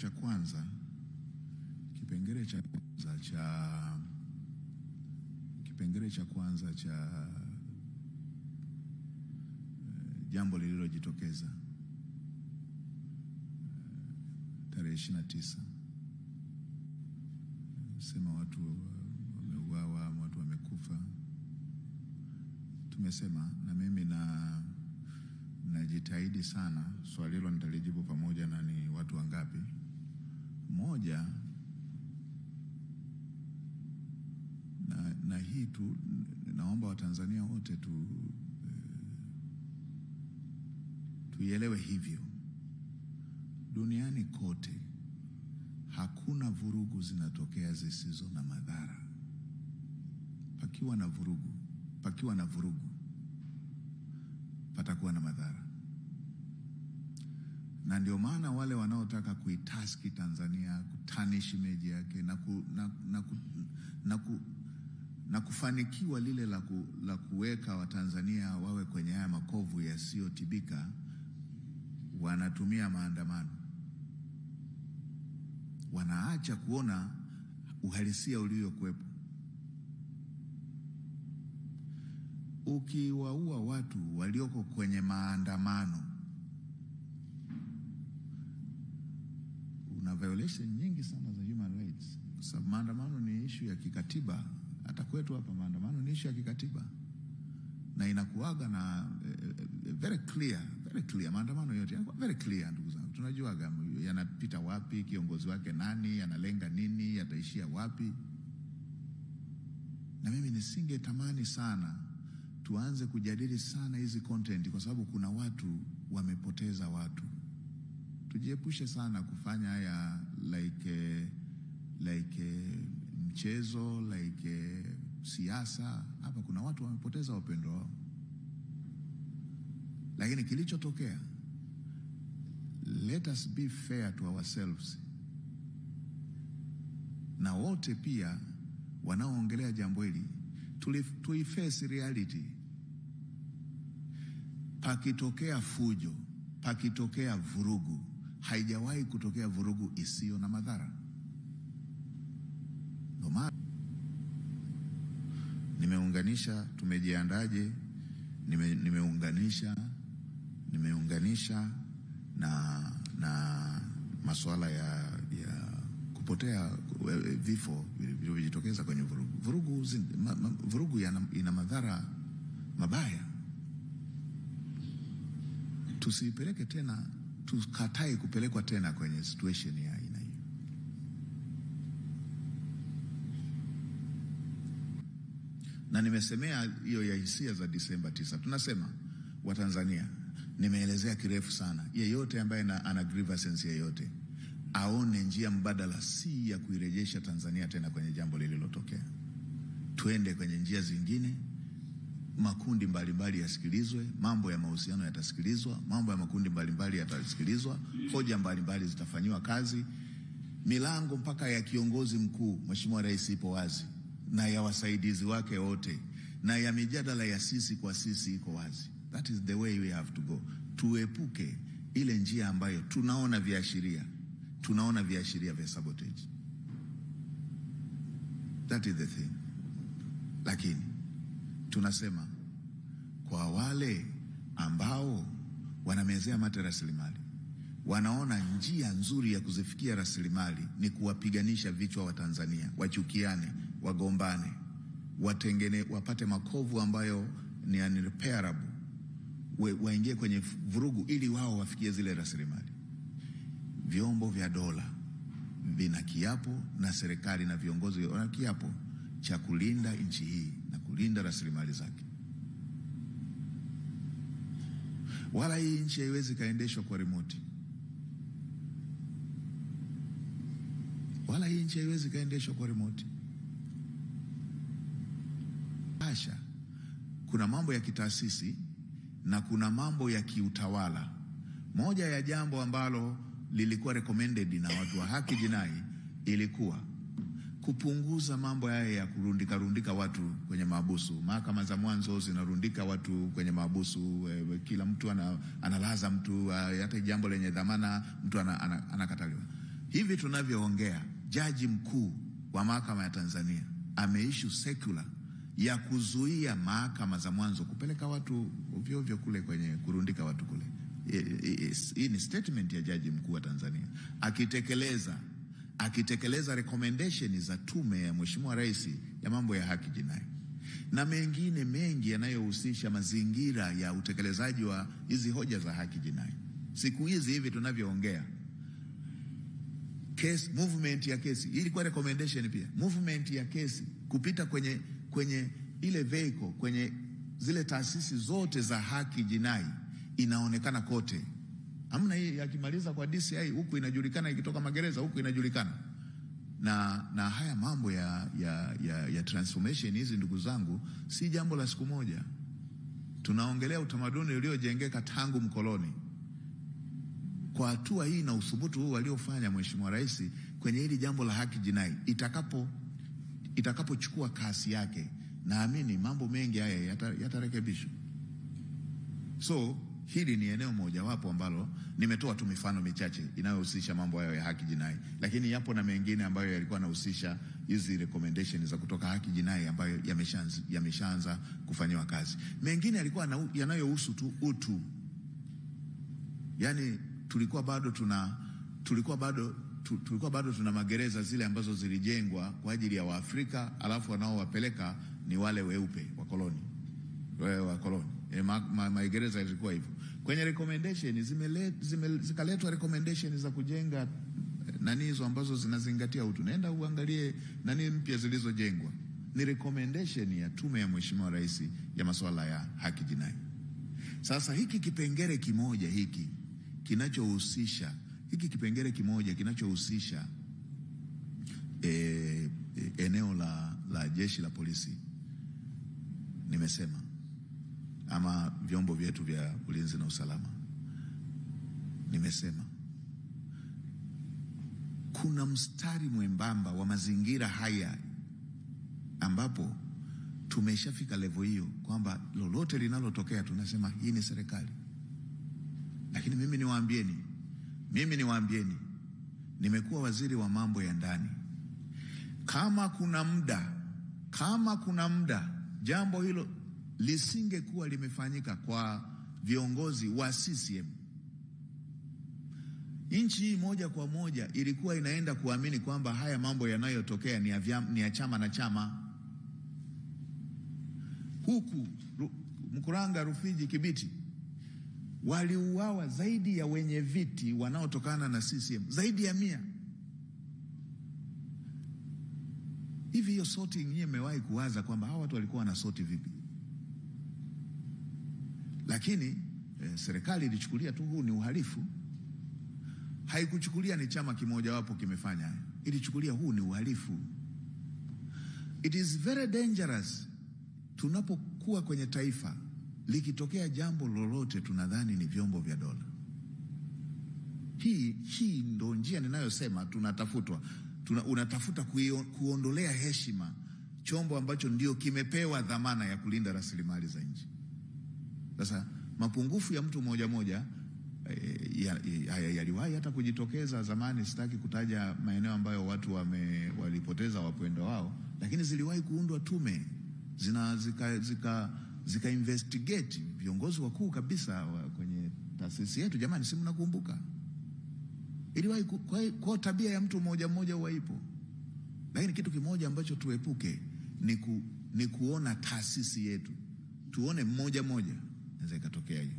cha kwanza kipengele cha kwanza cha kipengele cha kwanza cha eh, jambo lililojitokeza eh, tarehe ishirini na tisa sema watu wameuawa, watu wamekufa. Tumesema na mimi na najitahidi sana, swali hilo nitalijibu pamoja na moja na, na hii tu naomba Watanzania wote tu eh, tuielewe hivyo. Duniani kote hakuna vurugu zinatokea zisizo na madhara. Pakiwa na vurugu, pakiwa na vurugu patakuwa na madhara na ndio maana wale wanaotaka kuitaski Tanzania kutanish image yake na, ku, na, na, ku, na, ku, na kufanikiwa lile la, ku, la kuweka Watanzania wawe kwenye haya makovu yasiyotibika wanatumia maandamano, wanaacha kuona uhalisia uliokuwepo. Ukiwaua watu walioko kwenye maandamano una violation nyingi sana za human rights, kwa sababu maandamano ni ishu ya kikatiba. Hata kwetu hapa maandamano ni ishu ya kikatiba na inakuaga na eh, very clear, very clear. Maandamano yote yanakuwa very clear, ndugu zangu, tunajuaga yanapita wapi, kiongozi wake nani, analenga nini, yataishia wapi. Na mimi nisingetamani sana tuanze kujadili sana hizi content, kwa sababu kuna watu wamepoteza watu tujiepushe sana kufanya haya like, like mchezo like siasa. Hapa kuna watu wamepoteza wapendo wao, lakini kilichotokea, let us be fair to ourselves na wote pia wanaoongelea jambo hili tuiface reality. Pakitokea fujo, pakitokea vurugu haijawahi kutokea vurugu isiyo na madhara. Ndio maana nimeunganisha tumejiandaje, nime, nimeunganisha nimeunganisha na, na masuala ya, ya kupotea vifo vilivyojitokeza kwenye vurugu vurugu, zin, ma, ma, vurugu yana, ina madhara mabaya, tusiipeleke tena tukatae kupelekwa tena kwenye situation ya aina hiyo. Na nimesemea hiyo ya hisia za Disemba tisa. Tunasema Watanzania, nimeelezea kirefu sana, yeyote ambaye ana grievance yeyote aone njia mbadala, si ya kuirejesha Tanzania tena kwenye jambo lililotokea. Tuende kwenye njia zingine makundi mbalimbali yasikilizwe, mambo ya mahusiano yatasikilizwa, mambo ya makundi mbalimbali yatasikilizwa, hoja mbalimbali zitafanyiwa kazi. Milango mpaka ya kiongozi mkuu Mheshimiwa Rais ipo wazi na ya wasaidizi wake wote na ya mijadala ya sisi kwa sisi iko wazi. That is the way we have to go. Tuepuke ile njia ambayo tunaona viashiria, tunaona viashiria vya sabotage. That is the thing, lakini tunasema kwa wale ambao wanamezea mate rasilimali, wanaona njia nzuri ya kuzifikia rasilimali ni kuwapiganisha vichwa wa Tanzania, wachukiane, wagombane, watengene, wapate makovu ambayo ni unrepairable, waingie kwenye vurugu ili wao wafikie zile rasilimali. Vyombo vya dola vina kiapo na serikali na viongozi wana kiapo cha kulinda nchi hii kulinda rasilimali zake. Wala hii nchi haiwezi kaendeshwa kwa remoti, wala hii nchi haiwezi kaendeshwa kwa remoti. Asha, kuna mambo ya kitaasisi na kuna mambo ya kiutawala. Moja ya jambo ambalo lilikuwa recommended na watu wa haki jinai ilikuwa kupunguza mambo haya ya kurundika rundika watu kwenye mahabusu. Mahakama za mwanzo zinarundika watu kwenye mahabusu e, kila mtu ana, analaza mtu hata jambo lenye dhamana mtu anakataliwa. Hivi tunavyoongea, jaji mkuu wa mahakama ya Tanzania ameishu sekula ya kuzuia mahakama za mwanzo kupeleka watu ovyo ovyo kule kwenye kurundika watu kule. Hii ni statement ya jaji mkuu wa Tanzania akitekeleza akitekeleza recommendation za tume ya Mheshimiwa Rais ya mambo ya haki jinai na mengine mengi yanayohusisha mazingira ya utekelezaji wa hizi hoja za haki jinai. Siku hizi hivi tunavyoongea, case movement ya kesi ilikuwa recommendation pia, movement ya kesi kupita kwenye kwenye ile vehicle, kwenye zile taasisi zote za haki jinai inaonekana kote amna hii akimaliza kwa DCI huku inajulikana, ikitoka magereza huku inajulikana. Na, na haya mambo ya, ya, ya, ya transformation hizi ndugu zangu, si jambo la siku moja. Tunaongelea utamaduni uliojengeka tangu mkoloni. Kwa hatua hii na uthubutu huu waliofanya Mheshimiwa Rais kwenye hili jambo la haki jinai, itakapo itakapochukua kasi yake, naamini mambo mengi haya yatarekebishwa yata so Hili ni eneo mojawapo ambalo nimetoa tu mifano michache inayohusisha mambo hayo ya haki jinai, lakini yapo na mengine ambayo yalikuwa yanahusisha hizi recommendations za kutoka haki jinai ambayo yameshaanza yameshaanza kufanyiwa kazi. Mengine yalikuwa yanayohusu tu utu, yani tulikuwa bado tuna tulikuwa bado tulikuwa bado tuna magereza zile ambazo zilijengwa kwa ajili ya Waafrika, alafu wanaowapeleka ni wale weupe wakoloni, wakoloni. E, eh, magereza ma, ma, yalikuwa hivyo kwenye recommendation zimele, zime, zikaletwa recommendation za kujenga eh, nani hizo ambazo zinazingatia utu. Naenda uangalie nani mpya zilizojengwa, ni recommendation ya tume ya Mheshimiwa Rais ya masuala ya haki jinai. Sasa hiki kipengele kimoja hiki kinachohusisha hiki kipengele kimoja kinachohusisha e, e, eneo la, la jeshi la polisi nimesema ama vyombo vyetu vya ulinzi na usalama. Nimesema kuna mstari mwembamba wa mazingira haya ambapo tumeshafika levo hiyo kwamba lolote linalotokea tunasema hii ni serikali. Lakini mimi niwaambieni, mimi niwaambieni, nimekuwa waziri wa mambo ya ndani. Kama kuna muda, kama kuna muda jambo hilo lisingekuwa limefanyika kwa viongozi wa CCM, nchi hii moja kwa moja ilikuwa inaenda kuamini kwamba haya mambo yanayotokea ni ya, ni ya chama na chama. Huku Mkuranga, Rufiji, Kibiti waliuawa zaidi ya wenye viti wanaotokana na CCM zaidi ya mia hivi. Hiyo soti yenyewe, mmewahi kuwaza kwamba hawa watu walikuwa soti vipi? Lakini eh, serikali ilichukulia tu huu ni uhalifu, haikuchukulia ni chama kimojawapo kimefanya, ilichukulia huu ni uhalifu. It is very dangerous tunapokuwa kwenye taifa likitokea jambo lolote tunadhani ni vyombo vya dola. Hii, hii ndo njia ninayosema tunatafutwa tuna, unatafuta kuondolea heshima chombo ambacho ndio kimepewa dhamana ya kulinda rasilimali za nchi. Sasa mapungufu ya mtu mmoja moja eh, yaliwahi hata kujitokeza zamani, sitaki kutaja maeneo ambayo watu wame, walipoteza wapendo wao, lakini ziliwahi kuundwa tume zina zika, zika, zika investigate viongozi wakuu kabisa wa kwenye taasisi yetu. Jamani, si mnakumbuka? Iliwahi kwa tabia ya mtu mmoja mmoja huwa ipo, lakini kitu kimoja ambacho tuepuke ni, ku, ni kuona taasisi yetu tuone mmoja mmoja inaweza ikatokea hiyo,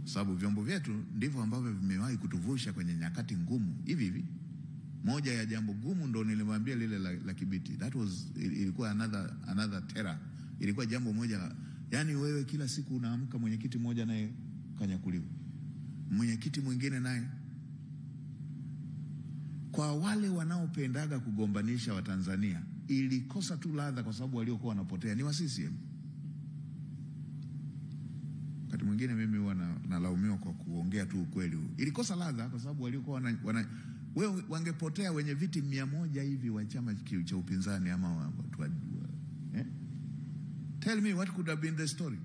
kwa sababu vyombo vyetu ndivyo ambavyo vimewahi kutuvusha kwenye nyakati ngumu hivi hivi. Moja ya jambo gumu ndo nilimwambia lile la, la Kibiti. That was ilikuwa another, another terror. Ilikuwa jambo moja la, yani wewe kila siku unaamka mwenyekiti mmoja naye kanyakuliwa, mwenyekiti mwingine naye kwa wale wanaopendaga kugombanisha Watanzania ilikosa tu ladha, kwa sababu waliokuwa wanapotea ni wa CCM. Wakati mwingine mimi huwa nalaumiwa na kwa kuongea tu ukweli. huu. Ilikosa ladha kwa sababu waliokuwa wana, wana we, wangepotea wenye viti mia moja hivi wa chama cha upinzani ama watu wa, eh? Tell me what could have been the story.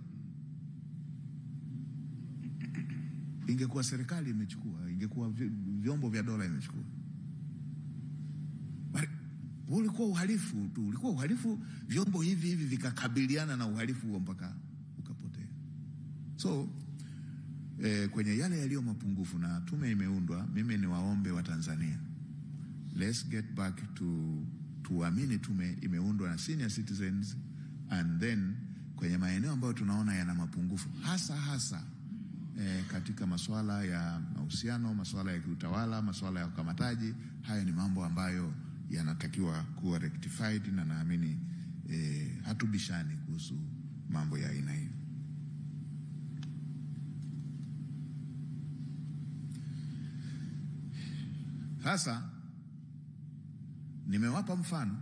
Ingekuwa serikali imechukua, ingekuwa vyombo vya dola imechukua. Ulikuwa uhalifu tu, ulikuwa uhalifu, vyombo hivi hivi vikakabiliana na uhalifu huo mpaka So eh, kwenye yale yaliyo mapungufu na tume imeundwa, mimi ni waombe wa Tanzania, let's get back to tuamini tume imeundwa na senior citizens and then kwenye maeneo ambayo tunaona yana mapungufu hasa hasa eh, katika masuala ya mahusiano, masuala ya kiutawala, masuala ya ukamataji, hayo ni mambo ambayo yanatakiwa kuwa rectified na naamini eh, hatubishani kuhusu mambo ya aina hii. Sasa nimewapa mfano,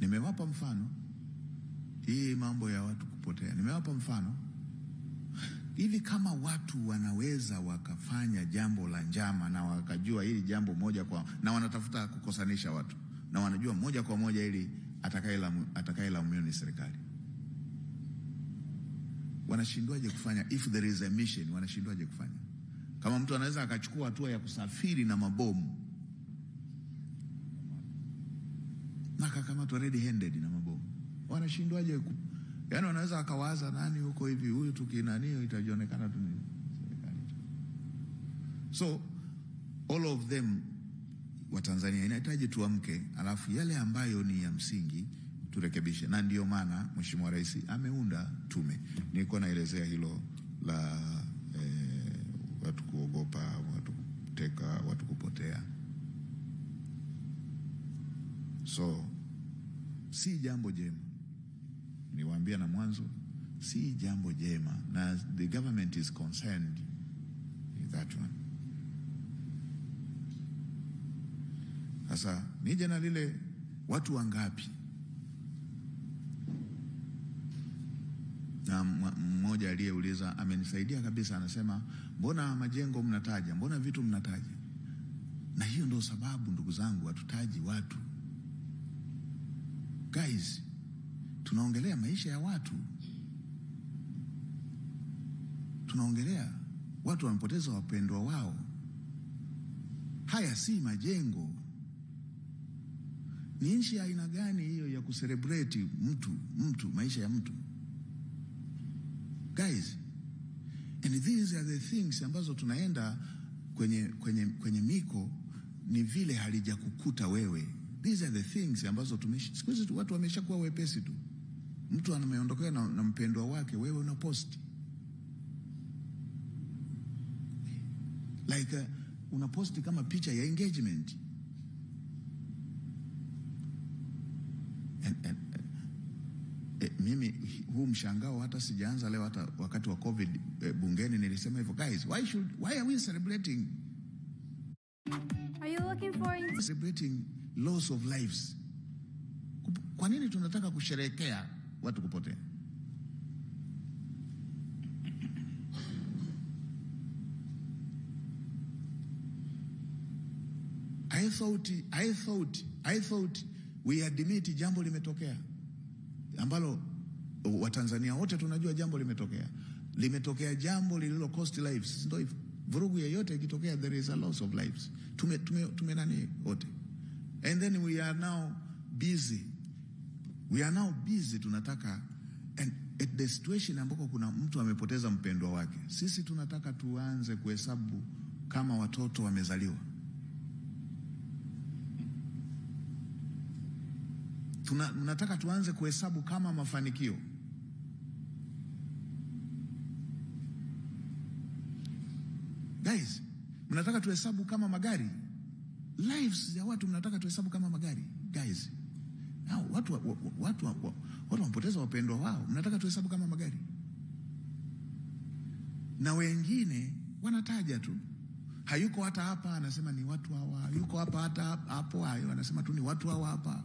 nimewapa mfano hii mambo ya watu kupotea, nimewapa mfano hivi. Kama watu wanaweza wakafanya jambo la njama na wakajua hili jambo moja kwa na wanatafuta kukosanisha watu na wanajua moja kwa moja ili atakayelaumiwa ni serikali, wanashindwaje kufanya? If there is a mission, wanashindwaje kufanya? Kama mtu anaweza akachukua hatua ya kusafiri na mabomu na akakamatwa red handed na mabomu, wanashindwaje? yani, wanaweza akawaza nani huko hivi, huyu tukinani itajionekana tu serikali. So all of them wa Tanzania inahitaji tuamke, alafu yale ambayo ni ya msingi turekebishe, na ndio maana Mheshimiwa Rais ameunda tume. Nilikuwa naelezea hilo la eh, watu kuogopa, watu kuteka, watu kupotea. So si jambo jema, niwaambia na mwanzo, si jambo jema, na the government is concerned in that one. Sasa nije na lile watu wangapi na mmoja aliyeuliza amenisaidia kabisa, anasema mbona majengo mnataja, mbona vitu mnataja? Na hiyo ndio sababu ndugu zangu, hatutaji watu guys, tunaongelea maisha ya watu, tunaongelea watu wamepoteza wapendwa wao. Haya si majengo. Ni nchi ya aina gani hiyo ya kuselebreti mtu mtu maisha ya mtu? guys, and these are the things ambazo tunaenda kwenye, kwenye, kwenye miko ni vile halijakukuta wewe. These are the things ambazo siku hizi watu wameshakuwa wepesi tu, mtu anameondokea na, na mpendwa wake, wewe una posti like uh, una posti kama picha ya engagement E, mimi huu mshangao hata sijaanza leo. Hata wakati wa COVID e, bungeni nilisema hivyo, guys why should, why are we celebrating are you looking for celebrating loss of lives? Kwa nini tunataka kusherehekea watu kupotea? I thought, I thought, I thought we admit jambo limetokea ambalo Watanzania wote tunajua jambo limetokea, limetokea jambo lililo cost lives. Ndio hivyo, vurugu yoyote ikitokea, there is a loss of lives. Tume, tume, tume nani wote, and then we are now busy, we are now busy, tunataka and at the situation ambako kuna mtu amepoteza mpendwa wake, sisi tunataka tuanze kuhesabu kama watoto wamezaliwa tuna, mnataka tuanze kuhesabu kama mafanikio. Guys, mnataka tuhesabu kama magari. Lives ya watu mnataka tuhesabu kama magari. Guys, hao watu watu watu watu wanapoteza wapendwa wao, mnataka tuhesabu kama magari. Na wengine wanataja tu hayuko hata hapa, anasema ni watu hawa. Yuko hapa hata hapo, hayo anasema tu ni watu hawa hapa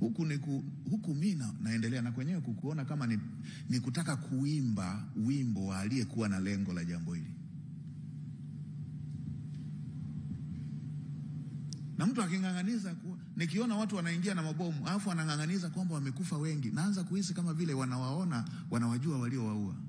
huku, ku, huku mi naendelea na kwenyewe kukuona kama ni, ni kutaka kuimba wimbo wa aliyekuwa na lengo la jambo hili. Na mtu aking'ang'aniza nikiona watu wanaingia na mabomu alafu wanang'ang'aniza kwamba wamekufa wengi, naanza kuhisi kama vile wanawaona, wanawajua waliowaua.